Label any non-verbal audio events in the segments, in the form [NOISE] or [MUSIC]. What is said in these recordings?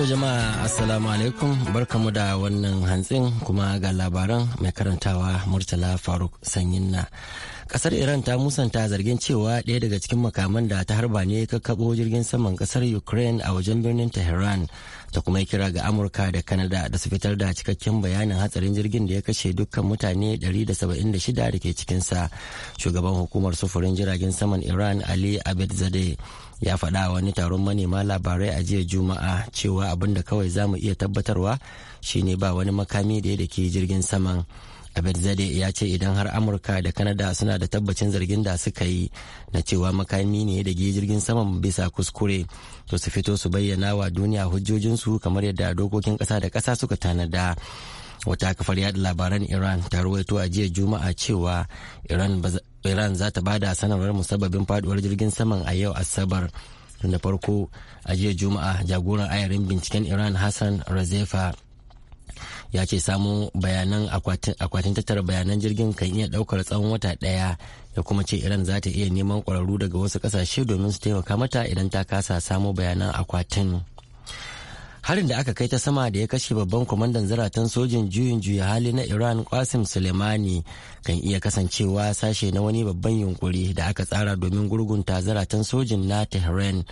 To jama'a assalamu alaikum barkamu da wannan hantsin kuma ga labaran mai karantawa Murtala Faruk Sanyin na. Kasar Iran ta musanta zargin cewa ɗaya daga cikin makaman da ta harba ne kakkaɓo jirgin saman kasar Ukraine a wajen birnin Tehran ta kuma kira ga Amurka da Kanada da su fitar da cikakken bayanin hatsarin jirgin da ya kashe dukkan mutane 176 da ke cikinsa. Shugaban hukumar sufurin jiragen saman Iran Ali abed zade. ya faɗa wani taron manema labarai a jiya juma'a cewa abin da kawai za mu iya tabbatarwa shine ba wani makami da ya da ke jirgin saman abirzade ya ce idan har amurka da kanada suna da tabbacin zargin da suka yi na cewa makami ne da ke jirgin saman bisa kuskure to su fito su bayyana wa duniya hujjojinsu kamar yadda dokokin kasa da kasa suka tanada wata kafar yada labaran iran ta ruwaito a jiya juma'a cewa iran iran za ta bada sanarwar musabbabin faduwar jirgin saman a yau asabar da farko a jiya juma'a jagoran ayarin binciken iran hassan razefa ya ce samu bayanan akwatin tattara bayanan jirgin kan iya daukar tsawon wata daya ya kuma ce iran za ta iya neman kwararru daga wasu kasashe domin su taimaka mata idan ta kasa samo bayanan akwatin harin da aka kai ta sama da ya kashe babban kwamandan zaratan sojin juyin juya hali na iran qasim suleimani kan iya kasancewa sashe na wani babban yunkuri da aka tsara domin gurgunta zaratan sojin na tehran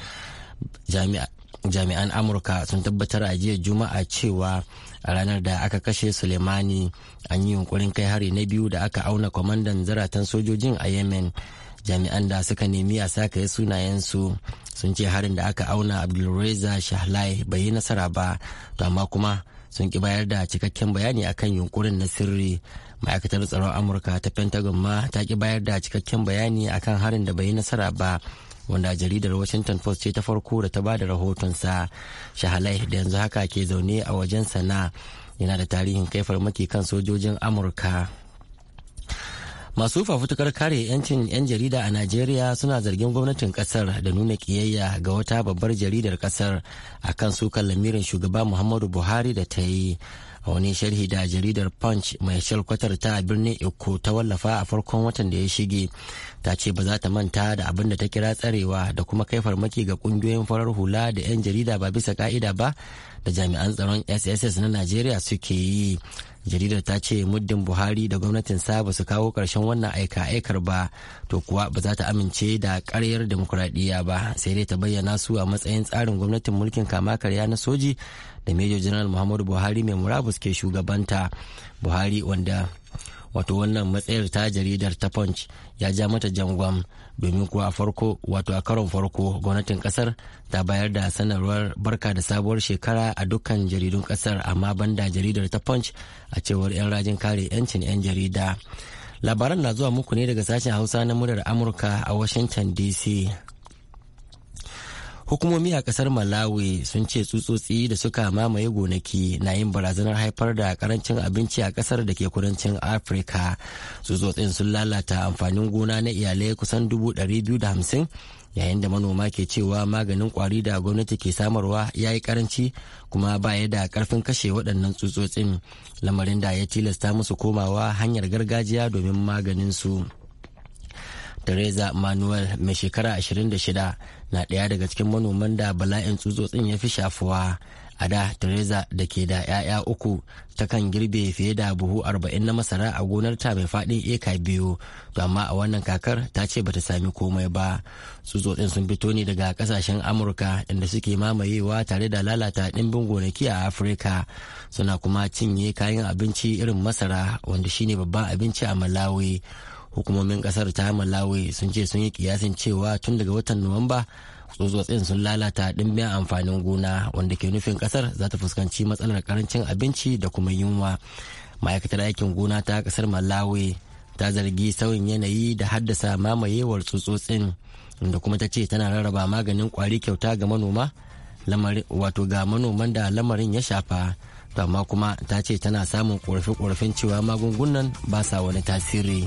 jami'an amurka sun tabbatar a jiya juma'a cewa a ranar da aka kashe suleimani an yi yunkurin kai hari na biyu da aka auna kwamandan zaratan sojojin a yemen jami'an da suka nemi a sakaye sunayensu sun ce harin da aka auna abdulreza shahlai bai yi nasara ba to amma kuma sun ki bayar da cikakken bayani akan yunkurin na sirri ma'aikatar tsaron amurka ta pentagon ma ta ki bayar da cikakken bayani akan harin da bai yi nasara ba wanda jaridar washington post ce ta farko da ta bada rahotonsa shahlai da yanzu haka ke zaune a wajen sana yana da tarihin kai farmaki kan sojojin amurka masu fafutukar kare 'yancin 'yan jarida a najeriya suna zargin gwamnatin kasar da nuna kiyayya ga wata babbar jaridar kasar akan sukan lamirin shugaba muhammadu buhari da ta yi a wani sharhi da jaridar punch mai shalkwatar ta birnin eko ta wallafa a farkon watan da ya shige ta ce ba za ta manta da abin da ta kira tsarewa da kuma kai farmaki ga kungiyoyin farar hula da 'yan jarida ba bisa ka'ida ba da jami'an tsaron sss na najeriya suke yi jaridar ta ce muddin buhari da gwamnatin sa ba su kawo karshen wannan aika-aikar ba to kuwa ba za ta amince da karyar demokuraɗiyya ba sai dai ta bayyana su a matsayin tsarin gwamnatin mulkin kama karya na soji da major general muhammadu buhari mai murabus ke shugabanta buhari wanda wato wannan matsayar ta jaridar ta punch ya ja mata jangwam domin kuwa a farko wato a karon farko gwamnatin kasar ta bayar da sanarwar barka da sabuwar shekara a dukkan jaridun kasar amma banda jaridar ta punch a cewar 'yan rajin kare 'yancin 'yan jarida labaran na zuwa muku ne daga sashen hausa na muryar amurka a washington dc hukumomi a kasar malawi sun ce tsutsotsi da suka mamaye gonaki na yin barazanar haifar da karancin abinci a kasar da ke kudancin afirka tsutsotsin sun lalata amfanin gona na iyalai kusan 250 yayin da manoma ke cewa maganin kwari da gwamnati ke samarwa ya yi karanci kuma baya da karfin kashe waɗannan tsutsotsin lamarin da ya tilasta musu komawa hanyar gargajiya domin maganin su. Teresa Manuel mai shekara 26 na ɗaya daga cikin manoman da bala'in tsutsotsin ya fi shafuwa. A da Teresa da ke da 'ya'ya uku ta kan girbe fiye da buhu 40 na masara a gonar ta mai faɗin eka biyu, to amma a wannan kakar ta ce bata sami komai ba. Tsutsotsin sun fito ne daga kasashen Amurka inda suke mamayewa tare da lalata ɗimbin gonaki a Afirka. Suna kuma cinye kayan abinci irin masara wanda shine babban abinci a Malawi. hukumomin kasar ta malawi sun ce sun yi kiyasin cewa tun daga watan nuwamba tsutsotsin sun lalata dimbin amfanin gona wanda ke nufin kasar za ta fuskanci matsalar karancin abinci da kuma yunwa ma'aikatar aikin gona ta kasar malawi ta zargi sauyin yanayi da haddasa mamayewar tsutsotsin da kuma ta ce tana rarraba maganin kwari kyauta ga manoma wato ga manoman da lamarin ya shafa to amma kuma ta ce tana samun ƙorafe-ƙorafen cewa magungunan ba sa wani tasiri.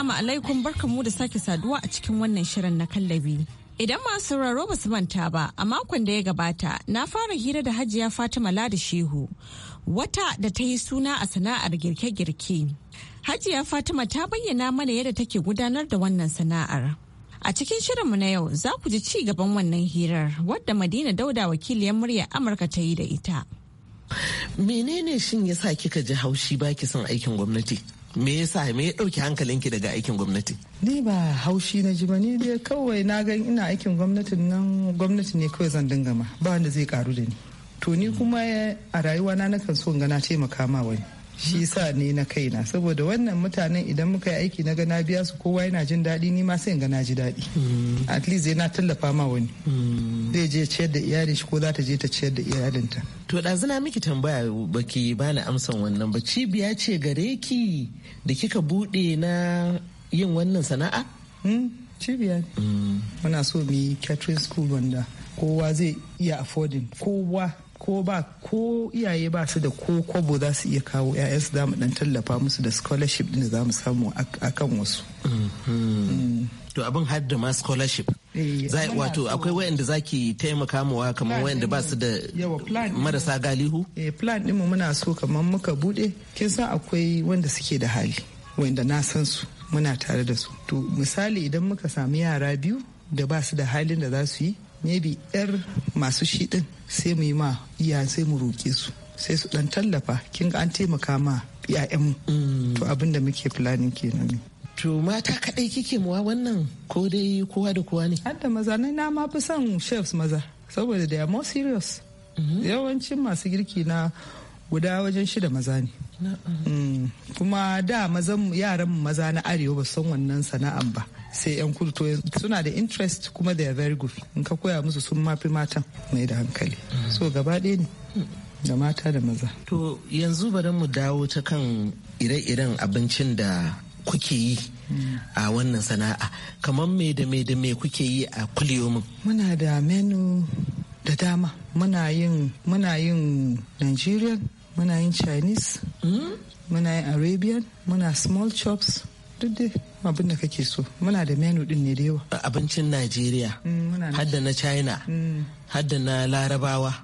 Assalamu alaikum barkamu da sake saduwa a cikin wannan shirin na kallabi. Idan masu sauraro ba su manta ba, a makon da ya gabata na fara hira da hajiya Fatima Ladi Shehu, wata da ta yi suna a sana'ar girke-girke. Hajiya Fatima ta bayyana mana yadda take gudanar da wannan sana'ar. A cikin shirinmu na yau za ku ji ci gaban wannan hirar wadda Madina Dauda wakiliyar murya Amurka ta yi da ita. Menene shin yasa kika ji haushi baki son aikin gwamnati? me yasa me ya dauki hankalinki daga aikin gwamnati ni ba haushi na ji ba ni dai kawai na ga ina aikin gwamnatin nan gwamnati ne kawai zan dinga ma ba wanda zai karu da ni to ni kuma eh, a rayuwa na nakan so in ga na taimaka ma wani shi sa ne na kaina saboda wannan mutanen idan muka yi aiki na gana biya su kowa yana jin daɗi ni ma sai gana ji daɗi hmm. at least yana tallafa ma wani hmm. zai je ciyar da iyalin shi ko za ta je ta ciyar da iyalinta to ɗazuna miki tambaya baki bani amsan wannan ba cibiya ce gare ki da kika buɗe na yin wannan sana'a hmm, cibiya muna so mu yi catering school wanda kowa zai iya affording kowa ko ba ko iyaye ba su da ko kwabo za su iya kawo ‘ya’yan za mu dan tallafa musu da scholarship din da za mu samu akan wasu mm-hmm. to abin har da ma scholarship eh, za wato akwai wayanda zaki taimaka mawa kamar wayanda ba su da marasa galihu eh, plan din mu muna so kamar muka bude kin san akwai wanda suke da hali wanda na san su muna tare da su to misali idan muka sami yara biyu da ba su da halin da za su yi Nebi yar masu shi din sai mu yi ma iya sai mu roƙe su sai su dan tallafa kin ga an taimaka ma iyayen mu mm. to abin da muke planning kenan ne to mata kadai kike muwa wannan ko dai kowa da kowa ne har da maza na na ma fi son chefs maza saboda they are more serious mm-hmm. yawancin masu girki na guda wajen shida maza ne mm. kuma da mazan yaran maza na arewa ba san wannan sana'an ba sai yan kudu suna da interest kuma da very good in ka koya musu sun mafi matan mai da hankali so gaba ɗaya ne da mata da maza to yanzu bari mu dawo ta kan ire-iren abincin da kuke yi a wannan sana'a kamar me da me da me kuke yi a kuliyomin muna da menu da dama muna yin muna yin nigerian muna yin chinese hmm? muna yin arabian muna small chops duk abin da kake so muna da menu din ne da yawa abincin najeriya mm, hadda na china mm. hadda na larabawa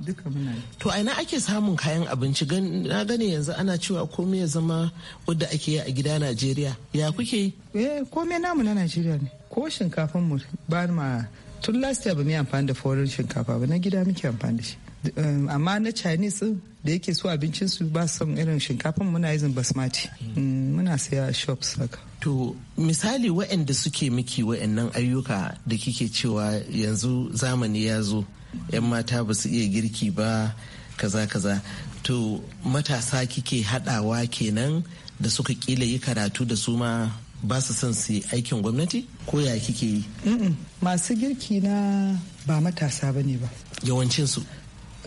to aina ake samun kayan abinci na gane yanzu ana cewa komai ya zama wadda ake yi a gida najeriya ya kuke yi eh komai namu na najeriya ne ko shinkafin mu ba ma tun last year ba mu amfani da forin shinkafa ba na gida muke amfani da shi Um, amma na chinese da yake so abincin su ba son irin shinkafin muna izin basmati mm, muna saya shops haka to misali waɗanda suke miki waɗannan ayyuka da kike cewa yanzu zamani ya zo 'yan mata ba su iya girki ba kaza kaza to matasa kike haɗawa kenan da suka kila yi karatu da su ma ba su son su aikin gwamnati ko ya kike yi masu girki na ba matasa ba ne ba yawancinsu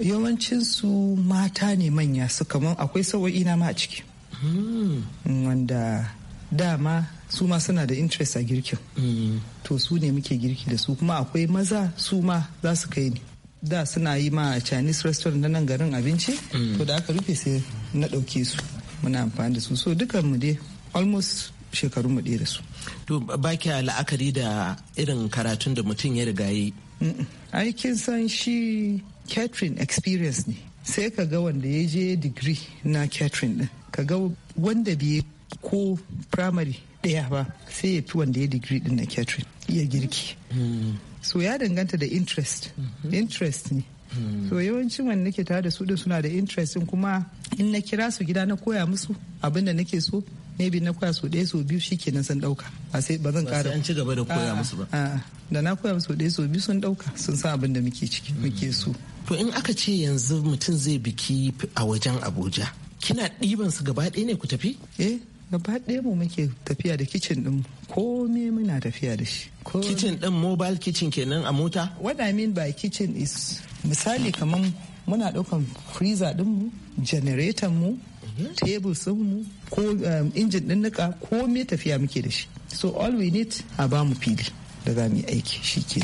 yawancinsu mata ne manya su kamar akwai sawa'i na ma a ciki hmm. mm, wanda dama su ma suna da interest a girkin hmm. to su ne muke girki da su kuma akwai maza su ma za su kai ni da suna yi ma chinese restaurant na nan garin abinci hmm. to da aka rufe sai na ɗauke su muna amfani da su so dukan mu dai almost shekaru mu da su to ba la'akari da irin karatun da mutum ya riga yi aikin san shi catering experience ne sai ka ga wanda ya je digiri na catering din ka ga wanda bai ko primary daya ba sai ya fi wanda ya digiri din na catering ya girki hmm. so ya danganta da interest mhm. interest ne hmm. so yawancin wanda nake tare da su da suna da interest kuma in na kira su gida na koya musu abin da nake so maybe na koya so ɗaya so biyu shikenan sun ɗauka ba sai ba zan ƙara an ci gaba da koya musu ba da na koya musu ɗaya so biyu sun ɗauka sun san abin da muke ciki muke so to in aka ce yanzu mutum zai biki a wajen Abuja kina ɗiban su gaba ɗaya ne ku tafi eh gaba ɗaya mu muke tafiya da kicin ɗin komai muna tafiya da shi kicin ɗin mobile kitchen kenan a mota what i mean by kitchen is misali kaman muna ɗaukan freezer din mu generator mu tebur mu ko um, injin ɗin nika ko me tafiya muke da shi so all we need a ba mu fili da za mu aiki shi ke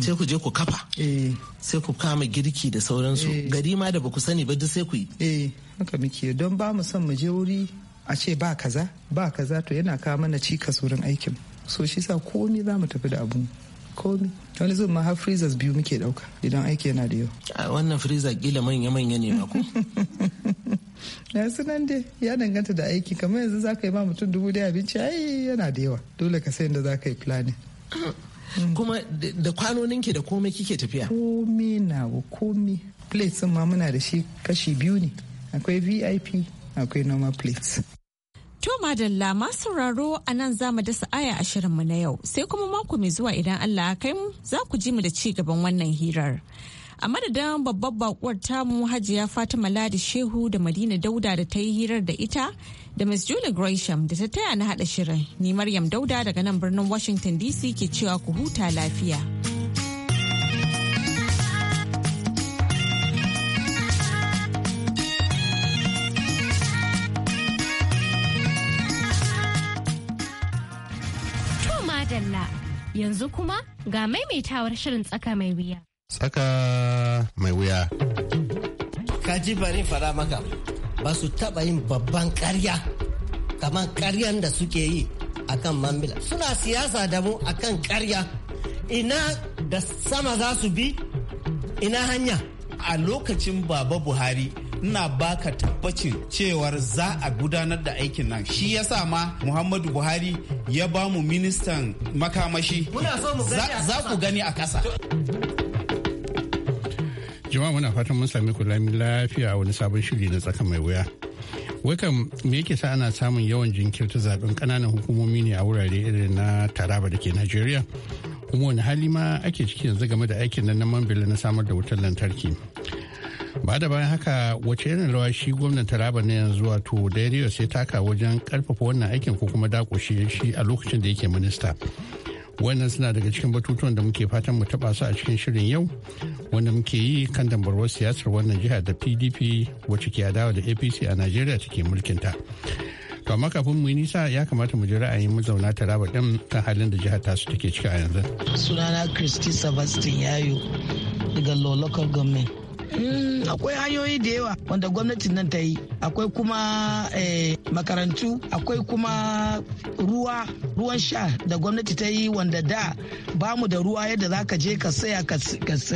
sai ku je ku kafa eh. sai ku kama girki da sauransu eh. gari ma da baku sani ba duk sai ku yi eh haka muke don ba mu son mu je wuri a ce ba kaza ba kaza to yana kawo mana cika wurin aikin so shi sa komai za mu tafi da abu komi wani zuwa ma har freezers biyu muke dauka idan aiki yana da yawa a wannan freezer kila manya-manya ne ma ko ya [LAUGHS] sunan dai ya danganta da aiki kamar yanzu za ka yi ma mutum dubu daya abinci ai yana da yawa dole ka sayin da za ka yi planning [CLEARS THROAT] kuma da kwanonin ke da komai kike tafiya Komi na wa komi. plates ma muna da shi kashi biyu ne akwai vip akwai normal plates da Lama sauraro a nan za mu dasa aya ashirin mu na yau sai kuma mako mai zuwa idan Allah ya kai mu za ku ji mu da ci gaban wannan hirar. A madadin babbar bakuwar tamu hajiya Fatima Ladi Shehu da Madina Dauda da ta yi hirar da ita da Miss Julie Gresham da ta taya na haɗa shirin. Ni Maryam Dauda daga nan birnin Washington DC ke cewa ku huta lafiya. Yanzu kuma ga maimaitawar shirin tsaka mai wuya. Tsaka mai wuya. ji bari fara maka ba su taɓa yin babban karya kamar karyan da suke yi a kan mambila. Suna siyasa da mu a kan karya ina da sama za su bi ina hanya. A lokacin Baba Buhari ina baka tabbacin cewar za a gudanar da aikin nan shi ya sa ma muhammadu buhari ya ba mu ministan makamashi za ku gani a kasa jama'a muna fatan mun sami kulamin lafiya wani sabon shiri na tsaka mai wuya wakan me yake sa ana samun yawan jinkirta zaben kananan hukumomi ne a wurare irin na taraba da ke najeriya kuma wani hali ma ake ciki yanzu game da aikin nan na mambila na samar da wutar lantarki ba da bayan haka wace irin rawa shi gwamnan taraba na yanzu wato dairiyo sai taka wajen karfafa wannan aikin ko kuma dakushe shi a lokacin da yake minista wannan suna daga cikin batutuwan da muke fatan mu taba su a cikin shirin yau wanda muke yi kan dambarwar siyasar wannan jiha da pdp wacce ke adawa da apc a najeriya take mulkinta to amma kafin mu yi nisa ya kamata mu ji ra'ayin mu zauna taraba din kan halin da jihar tasu take ciki a yanzu sunana christy sebastian yayo daga lolokar government mm. akwai hanyoyi da yawa wanda gwamnatin nan ta yi akwai kuma eh, makarantu akwai kuma ruwa ruwan sha da gwamnati ta yi wanda da ba mu da ruwa yadda za ka je ka saya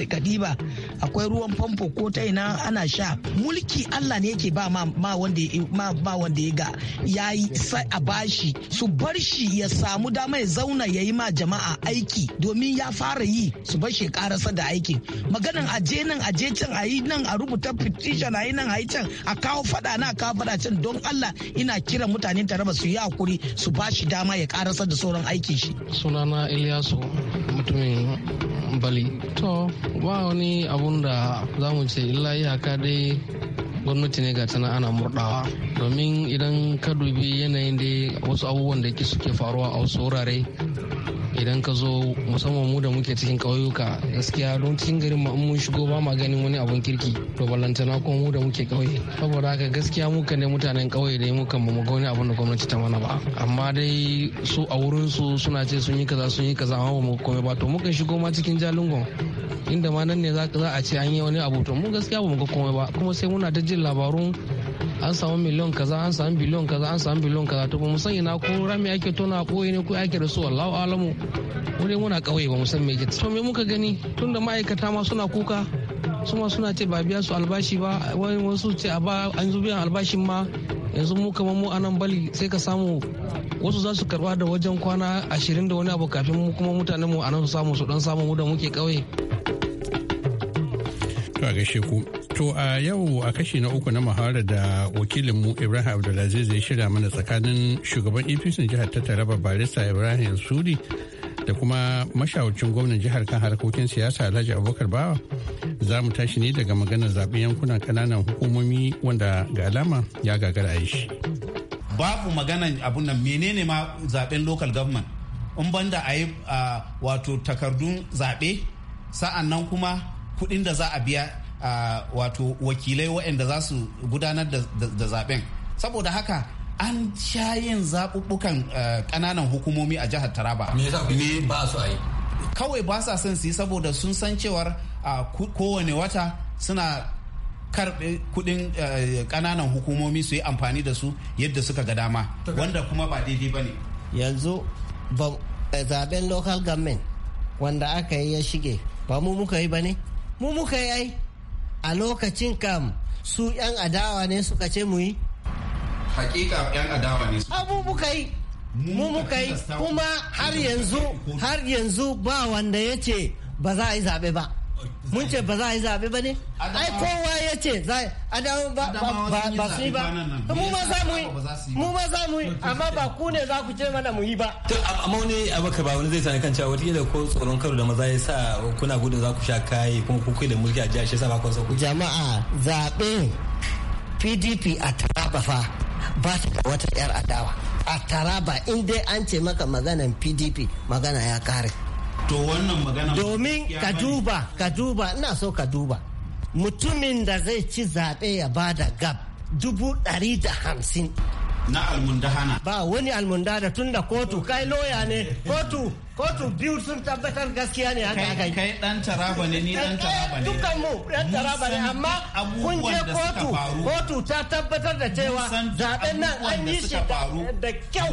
ka ɗiba akwai ruwan famfo ko ta ina ana sha mulki allah ne yake ba ma wanda ya ga ya yi sai a bashi su bar shi ya samu dama ya zauna ya yi ma jama'a aiki domin ya fara yi su bar shi ya karasa da aikin maganan aje nan aje can a yi nan a rubuta petition a yi nan a yi can a kawo fada na kawo fada can don Allah ina kiran mutane taraba su yi hakuri su ba shi dama ya karasar da sauran aikin shi. Sunana Ilyasu mutumin Bali. To ba wani abun da za mu ce illa iyaka dai gwamnati ne ga tana ana murdawa domin idan ka dubi yanayin da wasu abubuwan da suke faruwa a wasu wurare idan ka zo musamman mu da muke cikin ƙauyuka gaskiya don cikin garin ma mun shigo ba ma ganin wani abun kirki to ballantana kuma mu da muke ƙauye saboda haka gaskiya kan ne mutanen ƙauye dai kan ba mu ga wani abun da gwamnati ta mana ba amma dai su a wurin su suna ce sun yi kaza sun yi kaza amma mu kome ba to muka shigo ma cikin jalingon inda ma nan ne za a ce an yi wani abu to mu gaskiya ba mu ga komai ba kuma sai muna ta jin labarun an samu miliyon kaza an samu biliyon kaza an samu biliyon kaza to ba mu sani na ko rami ake tona koyi ne ko ake da su wallahu alamu wurin muna kauye ba mu san me ke to me muka gani tunda ma'aikata ma suna kuka su ma suna ce ba biya su albashi ba wani wasu ce a ba an zubi biyan albashin ma yanzu mu kamar mu anan bali sai ka samu wasu za su karba da wajen kwana ashirin da wani abu kafin mu kuma mutanen mu anan su samu su dan samu mu da muke kauye. ku To a yau a kashi na uku na mahara da wakilinmu Ibrahim Abdulaziz ya shirya mana tsakanin shugaban APC jihar ta Taraba Barista Ibrahim suri da kuma mashawarcin gwamnan jihar kan harkokin siyasa Alhaji Abubakar Bawa za mu tashi ne daga maganar zaɓen yankunan ƙananan hukumomi wanda ga alama ya gagara a shi. Babu maganan abun nan menene ma zaɓen local government in banda a yi wato takardun zaɓe sa'an nan kuma kuɗin da za a biya a wato wakilai waɗanda za su gudanar da zaben saboda haka an sha yin zaɓuɓɓukan eh, ƙananan hukumomi a jihar taraba me ba su a yi kawai ba sa son su yi saboda sun san cewar kowane wata suna karɓe kuɗin eh, ƙananan hukumomi su yi amfani da su yadda suka ga dama wanda kuma ba daidai ba ne yanzu eh, zaben local government wanda aka yi ya shige ba mu muka yi ba ne mu muka yi a lokacin kam su 'yan adawa ne suka ce mu yi? Hakika 'yan adawa ne Abu muka yi, mu muka yi kuma har yanzu har yanzu ba wanda ya ce ba za a yi zaɓe ba. mun ce ba za a yi zaɓe ba ne ai kowa ya ce dawo ba su yi ba mu ma za mu yi mu ma za mu yi amma ba ku ne za ku ce mana mu yi ba to amma wani abaka ba wani zai sani kan cewa wataƙila ko tsoron karo da maza ya sa kuna gudun za ku sha kayi kuma ku kai da mulki a jihar shi sa ba ku sauku jama'a zaɓe pdp a taraba fa ba ta da wata yar adawa a taraba in dai an ce maka maganan pdp magana ya kare to wannan magana domin ka duba ka duba ina so ka duba mutumin da zai ci zaɓe ya ba da gab dubu ɗari da hamsin na almundahana ba wani almundana tun da kotu kai loya ne kotu kotu biyu sun tabbatar gaskiya ne haka aka kai dan taraba ne ni dan eh, taraba ne dukkan mu dan taraba ne amma kun je kotu kotu ta tabbatar da cewa zaben nan an yi shi da kyau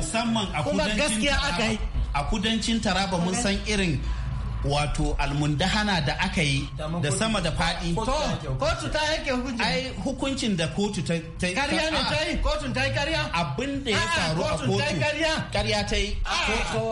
kuma gaskiya aka yi a kudancin taraba mun san irin wato almundahana da aka yi da sama da faɗi. kotu ta yanke hukunci ai hukuncin da kotu ta yi kariya ne ta yi kotu ta yi kariya abin da ya faru a kotu kariya ta yi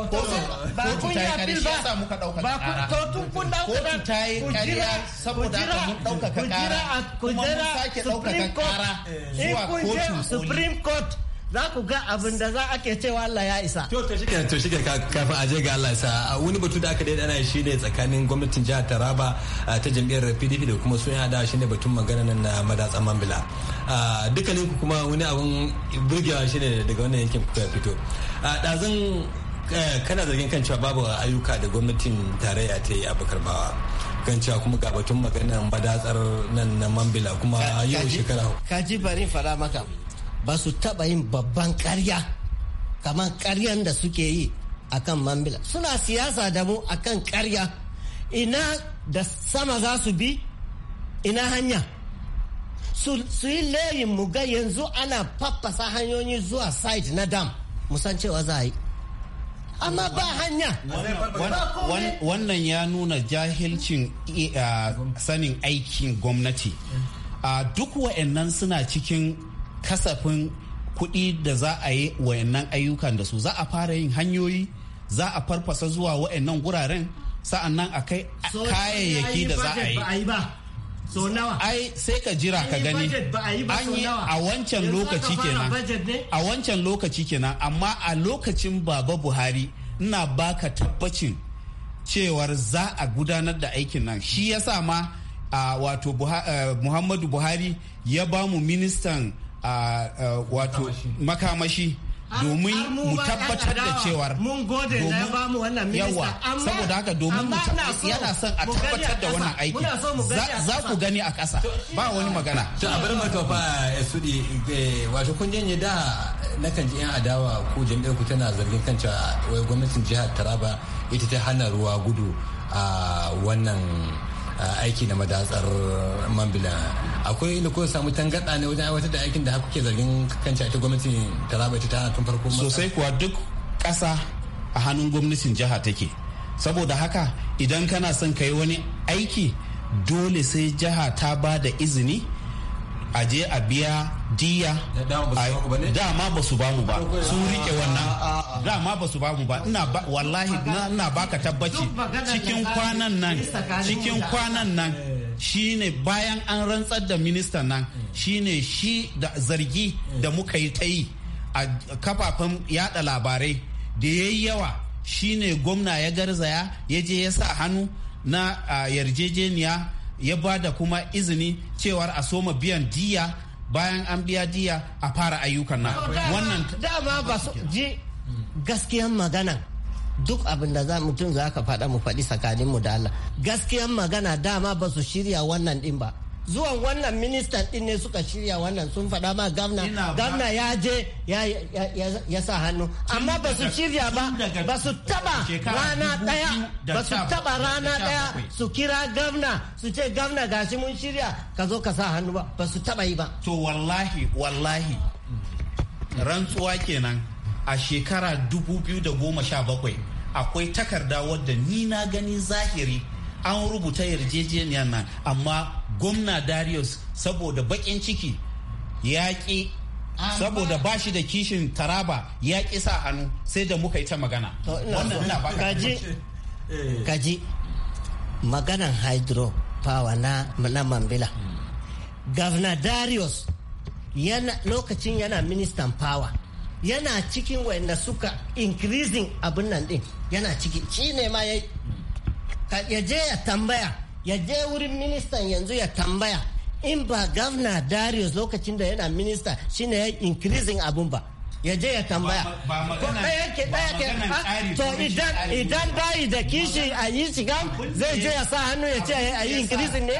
kotu kun ya bil ba sa muka kun ƙara kotu ta yi kariya saboda haka mun ka kara. kuma mun sake ɗaukaka ƙara zuwa kotu supreme court za ku ga abin da za ake cewa Allah ya isa. To to shike to shike kafin aje ga Allah isa wani batu da aka daidai ana shi ne tsakanin gwamnatin jihar Taraba ta jam'iyyar PDP da kuma sun shi ne batun magana nan na madatsan Mambila. Dukkanin ku kuma wani abun burgewa shi ne daga wannan yankin kuka fito. Dazun eh, kana zargin kan cewa babu ayyuka da gwamnatin tarayya ta yi a bawa. kan cewa kuma ga batun maganar madatsar nan na Mambila kuma yau shekara. Kaji bari fara maka. ba su taɓa yin babban karya kamar karyan da suke yi a kan mambila suna siyasa da mu a kan karya ina da sama za su bi ina hanya su yi layin mu yanzu ana faffasa hanyoyi zuwa site na dam musan cewa za a yi amma ba hanya wannan ya nuna jahilcin sanin aikin gwamnati duk wa'annan suna cikin kasafin kuɗi da za a yi wayannan ayyukan da su za a fara yin hanyoyi za a farfasa zuwa wayannan guraren sa'annan a kai kayayyaki da za a yi ai sai ka jira ka gani an yi a wancan lokaci kenan a wancan lokaci kenan amma a lokacin baba buhari ina baka tabbacin cewar za a gudanar da aikin nan shi yasa ma a wato eh, muhammadu buhari ya bamu ministan a wato makamashi domin mu tabbatar da cewar mun gode da ya ba mu wannan minista amma saboda haka domin mu yana son a tabbatar da wannan aiki za ku gani a kasa ba wani magana to a bar maka fa eh, sudi eh, wato kun janye da eh, nakan ji yan adawa ko jami'ar ku tana zargin kanta wai gwamnatin jihar Taraba ita ta hana ruwa gudu a wannan aiki na madatsar mambila akwai inda ko samu tangarɗa ne wajen aiwatar da aikin da haka kuke zargin kanci ita gwamnati taraba ita tana tun farko sosai kuwa duk ƙasa a hannun gwamnatin jiha take saboda haka idan kana son ka wani aiki dole sai jiha ta ba da izini a je a biya diya dama ba su bamu ba sun rike wannan dama ba su bamu ba ina wallahi ina baka tabbaci cikin kwanan nan cikin kwanan nan eh. shine bayan an rantsar da ministan nan eh. shine shi da zargi eh. da muka yi ta yi a kafafen yada labarai da ya yi yawa shine gwamna ya garzaya ya je ya sa hannu na yarjejeniya ya ba da kuma izini cewar a soma biyan diya bayan an biya diya a fara ayyukan nan wannan dama ba su ji gaskiyan magana duk abin da mutum za ka faɗa mu faɗi tsakaninmu da Allah gaskiyan magana dama ba su shirya wannan ɗin ba zuwan wannan ministan din ne suka shirya wannan sun faɗa ma gamna gamna ya je ya sa hannu amma ba su shirya ba ba su taba rana daya ba su taba rana daya su kira gamna su ce gamna gashi mun shirya ka zo ka sa hannu ba ba su taba yi ba to wallahi wallahi rantsuwa kenan a shekara 2017 akwai takarda wadda ni na gani zahiri an rubuta yarjejeniyar nan amma gwamna darius saboda bakin ciki ya ki saboda ba shi da kishin taraba ya ki sa hannu sai da muka yi ta magana kaji eh. maganan hydro power na na mambila governor darius yana lokacin yana ministan power yana cikin wanda suka increasing abin nan din yana ciki shi ne ma ya je ya tambaya ya je wurin ministan yanzu ya tambaya in ba gavna darius lokacin da yana minista shine ya increasing abun ba ya je ya tambaya ko to idan idan bayi da kishi a yi shiga zai je ya sa hannu ya ce a yi increasing ne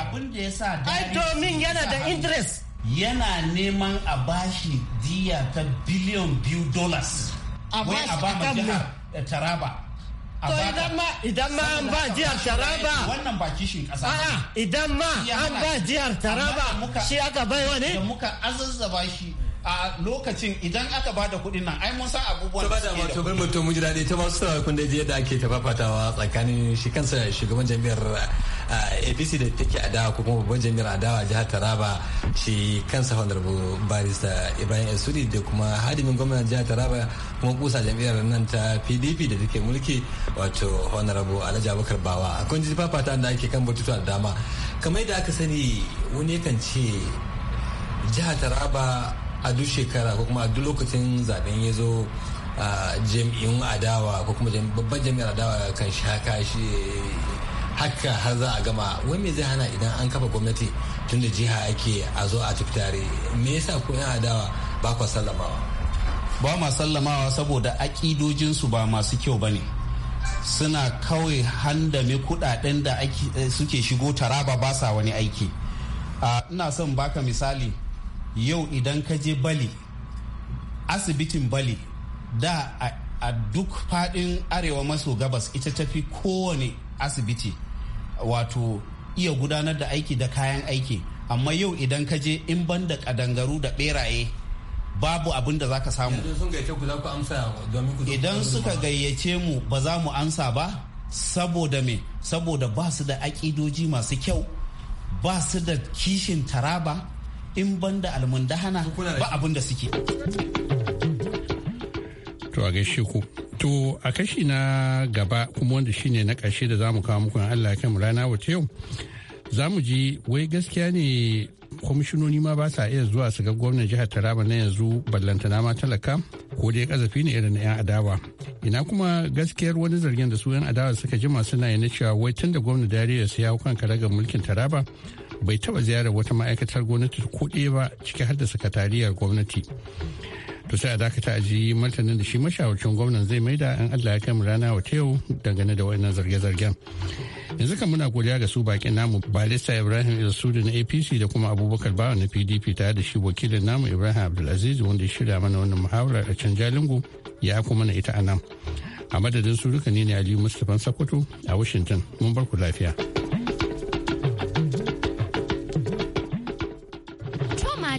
ai to min yana da interest yana neman a bashi diya ta biliyan biyu dollars a ba jihar taraba To idan ma idan ma an ba jihar Taraba wannan ba kishin kasa a'a idan ma an ba jihar Taraba shi aka baiwa ne da muka azazzaba shi a lokacin idan aka bada kuɗin nan ai mun san abubuwan da suke da to bari mutum jira daɗi ta masu saurari kun da da ake tafafatawa tsakanin shi kansa shugaban jami'ar APC da take adawa ko kuma babban jami'ar adawa jihar Taraba shi kansa honorable barista Ibrahim Esuri da kuma hadimin gwamnan jihar Taraba kuma kusa jami'ar nan ta PDP da take mulki wato honorable Alhaji Abubakar Bawa kun ji fafata da ake kan batutuwa da dama kamar da aka sani wani yakan ce jihar Taraba a duk shekara ko kuma a duk lokacin zaben ya zo jam'iyyun adawa ko kuma babban jam'iyyar adawa kan haka shi haka har za a gama wai me zai hana idan an kafa gwamnati tun da jiha ake a zo a tafi tare me yasa ko yan adawa ba ku sallamawa ba ma sallamawa saboda akidojinsu ba masu kyau ba ne suna kawai handame kudaden da eh, suke shigo taraba ba sa wani aiki ina son baka misali yau idan ka je bali asibitin bali da a duk fadin arewa maso gabas ita tafi kowane asibiti wato iya gudanar da aiki da kayan aiki amma yau idan ka je in ban da kadangaru da beraye babu abin da za ka samu idan suka gayyace mu ba za mu ansa ba saboda me saboda ba su da aƙidoji masu kyau ba su da kishin taraba in banda almundahana ba abin da suke to a gaishe ku to a kashi na gaba kuma wanda shine na ƙarshe da zamu kawo muku Allah kan rana wata yau za mu ji wai gaskiya ne kwamishinoni ma ba sa iya zuwa su ga gwamnan jihar taraba na yanzu ballantana ma talaka ko dai kazafi ne irin na 'yan adawa ina kuma gaskiyar wani zargin da su 'yan adawa suka jima suna na cewa wai tun da gwamnan Dariya ya hau kan karagar mulkin taraba bai taba ziyarar wata ma'aikatar gwamnati ko ɗaya ba ciki har da sakatariyar gwamnati to sai a dakata a ji martanin da shi mashawarcin gwamnan zai mai da An allah ya kai rana wata yau dangane da wannan zarge-zargen yanzu kan muna godiya ga su bakin namu balista ibrahim ilsudu na apc da kuma abubakar bawa na pdp tare da shi wakilin namu ibrahim abdulaziz wanda ya shirya mana wannan muhawarar a can jalingo ya kuma na ita a nan a madadin su duka ne Ali mustapha sokoto a washington mun bar ku lafiya.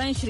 taron shirye